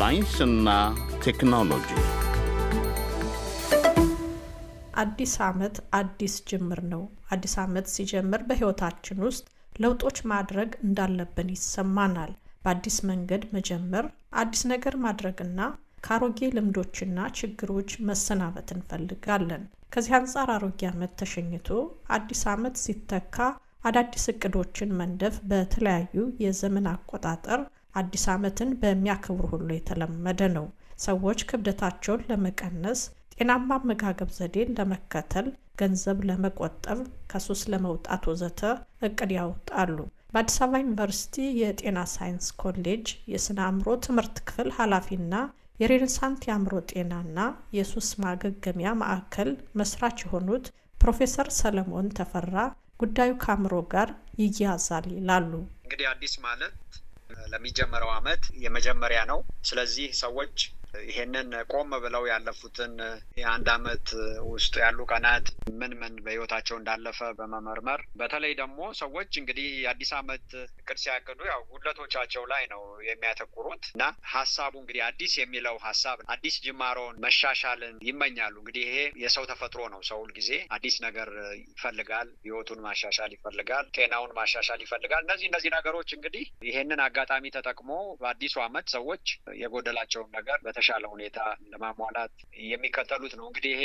ሳይንስና ቴክኖሎጂ አዲስ ዓመት አዲስ ጅምር ነው። አዲስ ዓመት ሲጀምር በሕይወታችን ውስጥ ለውጦች ማድረግ እንዳለብን ይሰማናል። በአዲስ መንገድ መጀመር፣ አዲስ ነገር ማድረግና ከአሮጌ ልምዶችና ችግሮች መሰናበት እንፈልጋለን። ከዚህ አንጻር አሮጌ ዓመት ተሸኝቶ አዲስ ዓመት ሲተካ አዳዲስ እቅዶችን መንደፍ በተለያዩ የዘመን አቆጣጠር አዲስ ዓመትን በሚያከብሩ ሁሉ የተለመደ ነው። ሰዎች ክብደታቸውን ለመቀነስ፣ ጤናማ አመጋገብ ዘዴን ለመከተል፣ ገንዘብ ለመቆጠብ፣ ከሱስ ለመውጣት ወዘተ እቅድ ያወጣሉ። በአዲስ አበባ ዩኒቨርሲቲ የጤና ሳይንስ ኮሌጅ የስነ አእምሮ ትምህርት ክፍል ኃላፊና የሬኔሳንት የአእምሮ ጤናና የሱስ ማገገሚያ ማዕከል መስራች የሆኑት ፕሮፌሰር ሰለሞን ተፈራ ጉዳዩ ከአእምሮ ጋር ይያዛል ይላሉ። እንግዲህ አዲስ ማለት ለሚጀመረው አመት የመጀመሪያ ነው። ስለዚህ ሰዎች ይሄንን ቆም ብለው ያለፉትን የአንድ አመት ውስጥ ያሉ ቀናት ምን ምን በህይወታቸው እንዳለፈ በመመርመር በተለይ ደግሞ ሰዎች እንግዲህ የአዲስ አመት እቅድ ሲያቅዱ ያው ጉድለቶቻቸው ላይ ነው የሚያተኩሩት እና ሀሳቡ እንግዲህ አዲስ የሚለው ሀሳብ አዲስ ጅማሮን መሻሻልን ይመኛሉ። እንግዲህ ይሄ የሰው ተፈጥሮ ነው። ሰው ሁልጊዜ አዲስ ነገር ይፈልጋል። ህይወቱን ማሻሻል ይፈልጋል። ጤናውን ማሻሻል ይፈልጋል። እነዚህ እነዚህ ነገሮች እንግዲህ ይሄንን አጋጣሚ ተጠቅሞ በአዲሱ አመት ሰዎች የጎደላቸውን ነገር የተሻለ ሁኔታ ለማሟላት የሚከተሉት ነው። እንግዲህ ይሄ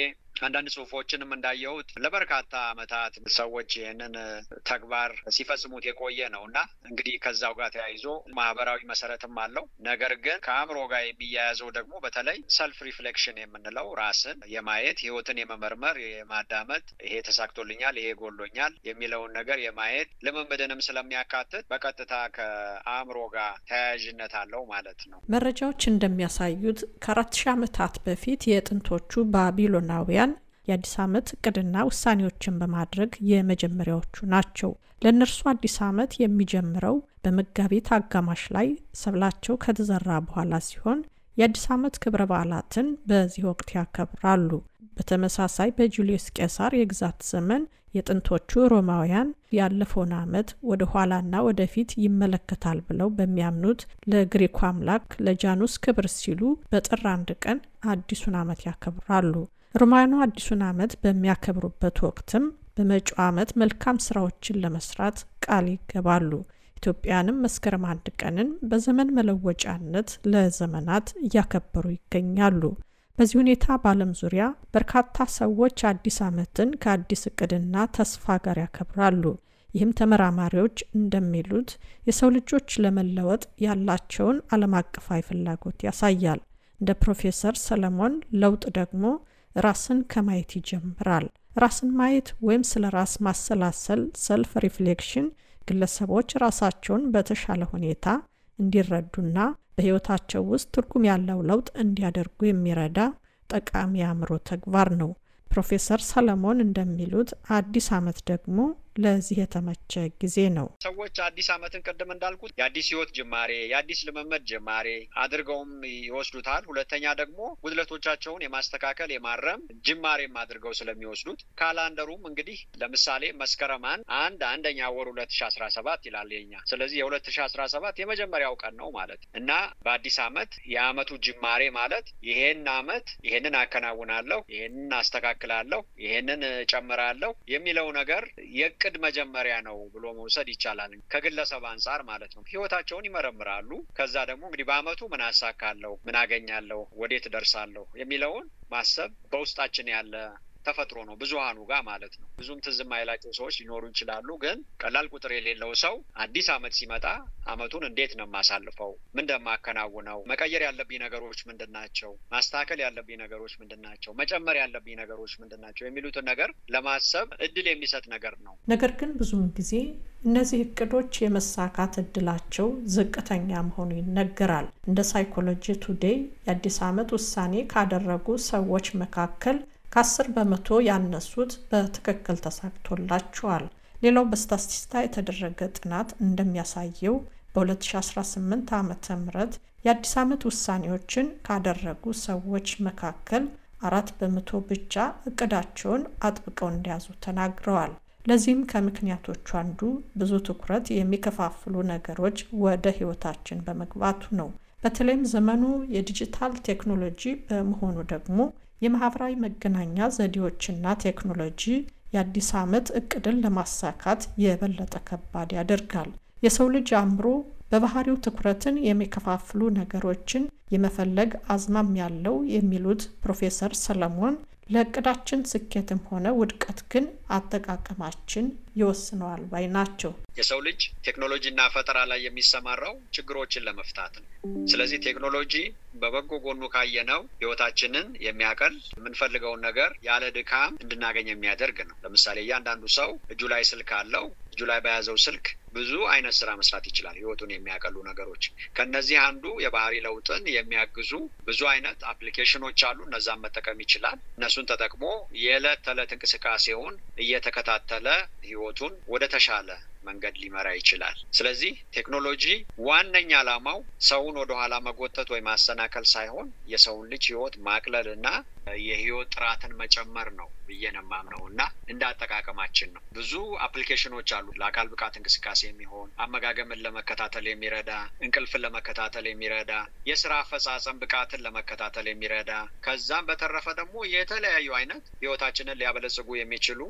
አንዳንድ ጽሁፎችንም እንዳየሁት ለበርካታ ዓመታት ሰዎች ይህንን ተግባር ሲፈጽሙት የቆየ ነው እና እንግዲህ ከዛው ጋር ተያይዞ ማህበራዊ መሰረትም አለው። ነገር ግን ከአእምሮ ጋር የሚያያዘው ደግሞ በተለይ ሰልፍ ሪፍሌክሽን የምንለው ራስን የማየት ህይወትን የመመርመር የማዳመጥ ይሄ ተሳክቶልኛል፣ ይሄ ጎሎኛል የሚለውን ነገር የማየት ልምምድንም ስለሚያካትት በቀጥታ ከአእምሮ ጋር ተያያዥነት አለው ማለት ነው። መረጃዎች እንደሚያሳዩት ከአራት ሺህ ዓመታት በፊት የጥንቶቹ ባቢሎናውያን የአዲስ ዓመት እቅድና ውሳኔዎችን በማድረግ የመጀመሪያዎቹ ናቸው። ለእነርሱ አዲስ ዓመት የሚጀምረው በመጋቢት አጋማሽ ላይ ሰብላቸው ከተዘራ በኋላ ሲሆን የአዲስ ዓመት ክብረ በዓላትን በዚህ ወቅት ያከብራሉ። በተመሳሳይ በጁልዮስ ቄሳር የግዛት ዘመን የጥንቶቹ ሮማውያን ያለፈውን ዓመት ወደ ኋላና ወደፊት ይመለከታል ብለው በሚያምኑት ለግሪኩ አምላክ ለጃኑስ ክብር ሲሉ በጥር አንድ ቀን አዲሱን ዓመት ያከብራሉ። ሮማኑ አዲሱን ዓመት በሚያከብሩበት ወቅትም በመጪው ዓመት መልካም ስራዎችን ለመስራት ቃል ይገባሉ። ኢትዮጵያንም መስከረም አንድ ቀንን በዘመን መለወጫነት ለዘመናት እያከበሩ ይገኛሉ። በዚህ ሁኔታ በዓለም ዙሪያ በርካታ ሰዎች አዲስ ዓመትን ከአዲስ እቅድና ተስፋ ጋር ያከብራሉ። ይህም ተመራማሪዎች እንደሚሉት የሰው ልጆች ለመለወጥ ያላቸውን ዓለም አቀፋዊ ፍላጎት ያሳያል። እንደ ፕሮፌሰር ሰለሞን ለውጥ ደግሞ ራስን ከማየት ይጀምራል። ራስን ማየት ወይም ስለ ራስ ማሰላሰል ሰልፍ ሪፍሌክሽን ግለሰቦች ራሳቸውን በተሻለ ሁኔታ እንዲረዱና በሕይወታቸው ውስጥ ትርጉም ያለው ለውጥ እንዲያደርጉ የሚረዳ ጠቃሚ የአእምሮ ተግባር ነው። ፕሮፌሰር ሰለሞን እንደሚሉት አዲስ ዓመት ደግሞ ለዚህ የተመቸ ጊዜ ነው። ሰዎች አዲስ ዓመትን ቅድም እንዳልኩት የአዲስ ህይወት ጅማሬ የአዲስ ልምምድ ጅማሬ አድርገውም ይወስዱታል። ሁለተኛ ደግሞ ጉድለቶቻቸውን የማስተካከል የማረም ጅማሬም አድርገው ስለሚወስዱት ካላንደሩም እንግዲህ ለምሳሌ መስከረም አንድ አንደኛ ወር ሁለት ሺ አስራ ሰባት ይላል የኛ። ስለዚህ የሁለት ሺ አስራ ሰባት የመጀመሪያው ቀን ነው ማለት እና በአዲስ ዓመት የአመቱ ጅማሬ ማለት ይሄን አመት ይሄንን አከናውናለሁ፣ ይሄንን አስተካክላለሁ፣ ይሄንን እጨምራለሁ የሚለው ነገር የቅ እቅድ መጀመሪያ ነው ብሎ መውሰድ ይቻላል። ከግለሰብ አንጻር ማለት ነው። ህይወታቸውን ይመረምራሉ። ከዛ ደግሞ እንግዲህ በአመቱ ምን አሳካለሁ፣ ምን አገኛለሁ፣ ወዴት ደርሳለሁ የሚለውን ማሰብ በውስጣችን ያለ ተፈጥሮ ነው ብዙሃኑ ጋር ማለት ነው። ብዙም ትዝ የማይላቸው ሰዎች ሊኖሩ ይችላሉ። ግን ቀላል ቁጥር የሌለው ሰው አዲስ ዓመት ሲመጣ አመቱን እንዴት ነው የማሳልፈው? ምን መቀየር ያለብኝ ነገሮች ምንድን ናቸው? ማስተካከል ያለብኝ ነገሮች ምንድን ናቸው? መጨመር ያለብኝ ነገሮች ምንድን ናቸው? የሚሉትን ነገር ለማሰብ እድል የሚሰጥ ነገር ነው። ነገር ግን ብዙም ጊዜ እነዚህ እቅዶች የመሳካት እድላቸው ዝቅተኛ መሆኑ ይነገራል። እንደ ሳይኮሎጂ ቱዴይ የአዲስ ዓመት ውሳኔ ካደረጉ ሰዎች መካከል ከ10 በመቶ ያነሱት በትክክል ተሳክቶላቸዋል። ሌላው በስታቲስታ የተደረገ ጥናት እንደሚያሳየው በ2018 ዓ ም የአዲስ ዓመት ውሳኔዎችን ካደረጉ ሰዎች መካከል አራት በመቶ ብቻ እቅዳቸውን አጥብቀው እንደያዙ ተናግረዋል። ለዚህም ከምክንያቶቹ አንዱ ብዙ ትኩረት የሚከፋፍሉ ነገሮች ወደ ህይወታችን በመግባቱ ነው። በተለይም ዘመኑ የዲጂታል ቴክኖሎጂ በመሆኑ ደግሞ የማህበራዊ መገናኛ ዘዴዎችና ቴክኖሎጂ የአዲስ ዓመት እቅድን ለማሳካት የበለጠ ከባድ ያደርጋል። የሰው ልጅ አእምሮ በባህሪው ትኩረትን የሚከፋፍሉ ነገሮችን የመፈለግ አዝማሚያ ያለው የሚሉት ፕሮፌሰር ሰለሞን ለእቅዳችን ስኬትም ሆነ ውድቀት ግን አጠቃቀማችን ይወስነዋል ባይ ናቸው። የሰው ልጅ ቴክኖሎጂና ፈጠራ ላይ የሚሰማራው ችግሮችን ለመፍታት ነው። ስለዚህ ቴክኖሎጂ በበጎ ጎኑ ካየነው ህይወታችንን የሚያቀል የምንፈልገውን ነገር ያለ ድካም እንድናገኝ የሚያደርግ ነው። ለምሳሌ እያንዳንዱ ሰው እጁ ላይ ስልክ አለው። እጁ ላይ በያዘው ስልክ ብዙ አይነት ስራ መስራት ይችላል። ህይወቱን የሚያቀሉ ነገሮች ከነዚህ አንዱ የባህሪ ለውጥን የሚያግዙ ብዙ አይነት አፕሊኬሽኖች አሉ። እነዛን መጠቀም ይችላል። እነሱን ተጠቅሞ የዕለት ተዕለት እንቅስቃሴውን እየተከታተለ ህይወቱን ወደ ተሻለ መንገድ ሊመራ ይችላል። ስለዚህ ቴክኖሎጂ ዋነኛ ዓላማው ሰውን ወደኋላ መጎተት ወይ ማሰናከል ሳይሆን የሰውን ልጅ ህይወት ማቅለል እና የህይወት ጥራትን መጨመር ነው ብዬ ነው እና እንደ አጠቃቀማችን ነው። ብዙ አፕሊኬሽኖች አሉ። ለአካል ብቃት እንቅስቃሴ የሚሆን አመጋገምን ለመከታተል የሚረዳ እንቅልፍን ለመከታተል የሚረዳ የስራ አፈጻጸም ብቃትን ለመከታተል የሚረዳ ከዛም በተረፈ ደግሞ የተለያዩ አይነት ህይወታችንን ሊያበለጽጉ የሚችሉ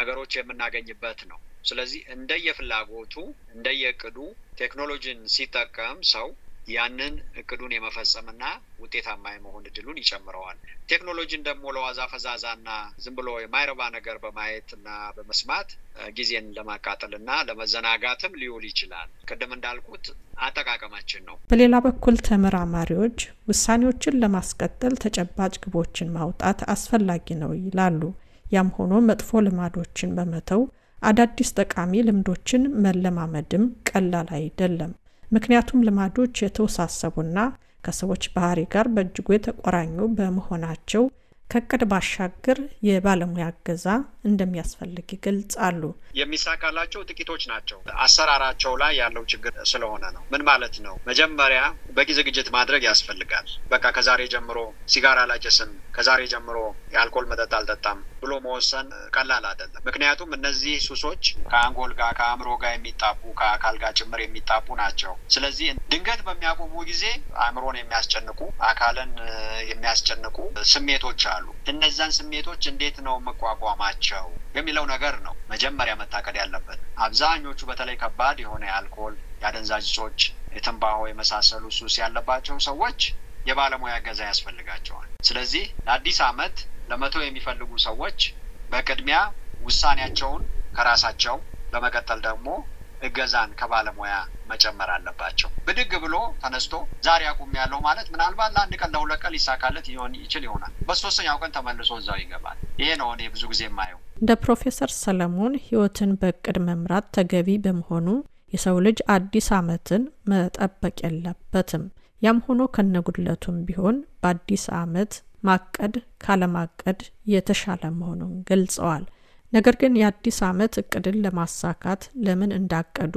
ነገሮች የምናገኝበት ነው። ስለዚህ እንደየፍላጎቱ እንደየእቅዱ ቴክኖሎጂን ሲጠቀም ሰው ያንን እቅዱን የመፈጸምና ውጤታማ የመሆን እድሉን ይጨምረዋል። ቴክኖሎጂን ደግሞ ለዋዛ ፈዛዛና ዝም ብሎ የማይረባ ነገር በማየትና በመስማት ጊዜን ና ለመዘናጋትም ሊውል ይችላል። ቅድም እንዳልኩት አጠቃቀማችን ነው። በሌላ በኩል ተመራማሪዎች ውሳኔዎችን ለማስቀጠል ተጨባጭ ግቦችን ማውጣት አስፈላጊ ነው ይላሉ። ያም ሆኖ መጥፎ ልማዶችን በመተው አዳዲስ ጠቃሚ ልምዶችን መለማመድም ቀላል አይደለም። ምክንያቱም ልማዶች የተወሳሰቡና ከሰዎች ባህሪ ጋር በእጅጉ የተቆራኙ በመሆናቸው ከቅድ ባሻገር የባለሙያ እገዛ እንደሚያስፈልግ ይገልጻሉ። የሚሳካላቸው ጥቂቶች ናቸው። አሰራራቸው ላይ ያለው ችግር ስለሆነ ነው። ምን ማለት ነው? መጀመሪያ በቂ ዝግጅት ማድረግ ያስፈልጋል። በቃ ከዛሬ ጀምሮ ሲጋራ አላጨስም፣ ከዛሬ ጀምሮ የአልኮል መጠጥ አልጠጣም ብሎ መወሰን ቀላል አይደለም። ምክንያቱም እነዚህ ሱሶች ከአንጎል ጋር ከአእምሮ ጋር የሚጣቡ ከአካል ጋር ጭምር የሚጣቡ ናቸው። ስለዚህ ድንገት በሚያቆሙ ጊዜ አእምሮን የሚያስጨንቁ አካልን የሚያስጨንቁ ስሜቶች አሉ። ይችላሉ። እነዛን ስሜቶች እንዴት ነው መቋቋማቸው የሚለው ነገር ነው መጀመሪያ መታቀድ ያለበት። አብዛኞቹ በተለይ ከባድ የሆነ የአልኮል፣ የአደንዛዥ እጾች፣ የትንባሆ የመሳሰሉ ሱስ ያለባቸው ሰዎች የባለሙያ እገዛ ያስፈልጋቸዋል። ስለዚህ ለአዲስ አመት ለመቶ የሚፈልጉ ሰዎች በቅድሚያ ውሳኔያቸውን ከራሳቸው በመቀጠል ደግሞ እገዛን ከባለሙያ መጨመር አለባቸው። ብድግ ብሎ ተነስቶ ዛሬ አቁም ያለው ማለት ምናልባት ለአንድ ቀን ለሁለት ቀን ሊሳካለት ሊሆን ይችል ይሆናል። በሶስተኛው ቀን ተመልሶ እዛው ይገባል። ይሄ ነው እኔ ብዙ ጊዜ የማየው። እንደ ፕሮፌሰር ሰለሞን ህይወትን በእቅድ መምራት ተገቢ በመሆኑ የሰው ልጅ አዲስ ዓመትን መጠበቅ የለበትም። ያም ሆኖ ከነጉድለቱም ቢሆን በአዲስ ዓመት ማቀድ ካለማቀድ የተሻለ መሆኑን ገልጸዋል። ነገር ግን የአዲስ ዓመት እቅድን ለማሳካት ለምን እንዳቀዱ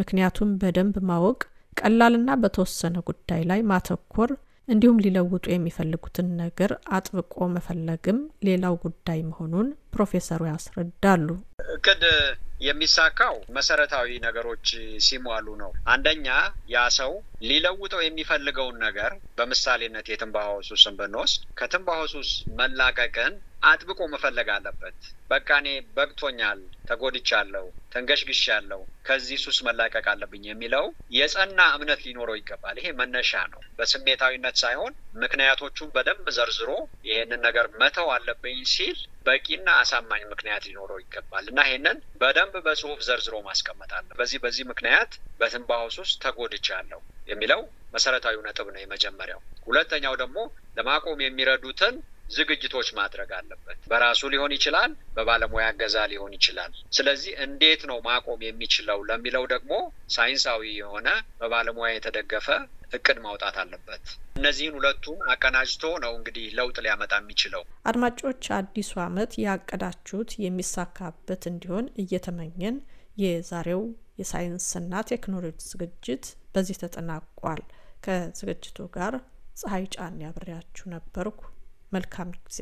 ምክንያቱም በደንብ ማወቅ ቀላልና በተወሰነ ጉዳይ ላይ ማተኮር እንዲሁም ሊለውጡ የሚፈልጉትን ነገር አጥብቆ መፈለግም ሌላው ጉዳይ መሆኑን ፕሮፌሰሩ ያስረዳሉ። እቅድ የሚሳካው መሰረታዊ ነገሮች ሲሟሉ ነው። አንደኛ ያ ሰው ሊለውጠው የሚፈልገውን ነገር በምሳሌነት የትንባሆ ሱስን ብንወስድ ከትንባሆ ሱስ መላቀቅን አጥብቆ መፈለግ አለበት። በቃ እኔ በቅቶኛል፣ ተጎድቻለሁ፣ ተንገሽግሻለሁ፣ ከዚህ ሱስ መላቀቅ አለብኝ የሚለው የጸና እምነት ሊኖረው ይገባል። ይሄ መነሻ ነው። በስሜታዊነት ሳይሆን ምክንያቶቹን በደንብ ዘርዝሮ ይሄንን ነገር መተው አለብኝ ሲል በቂና አሳማኝ ምክንያት ሊኖረው ይገባል እና ይሄንን በደንብ በጽሁፍ ዘርዝሮ ማስቀመጥ አለ። በዚህ በዚህ ምክንያት በትንባሆ ሱስ ተጎድቻለሁ የሚለው መሰረታዊ ነጥብ ነው የመጀመሪያው። ሁለተኛው ደግሞ ለማቆም የሚረዱትን ዝግጅቶች ማድረግ አለበት። በራሱ ሊሆን ይችላል፣ በባለሙያ እገዛ ሊሆን ይችላል። ስለዚህ እንዴት ነው ማቆም የሚችለው ለሚለው ደግሞ ሳይንሳዊ የሆነ በባለሙያ የተደገፈ እቅድ ማውጣት አለበት። እነዚህን ሁለቱም አቀናጅቶ ነው እንግዲህ ለውጥ ሊያመጣ የሚችለው። አድማጮች፣ አዲሱ ዓመት ያቀዳችሁት የሚሳካበት እንዲሆን እየተመኘን የዛሬው የሳይንስና ቴክኖሎጂ ዝግጅት በዚህ ተጠናቋል። ከዝግጅቱ ጋር ፀሐይ ጫን ያብሬያችሁ ነበርኩ። መልካም ጊዜ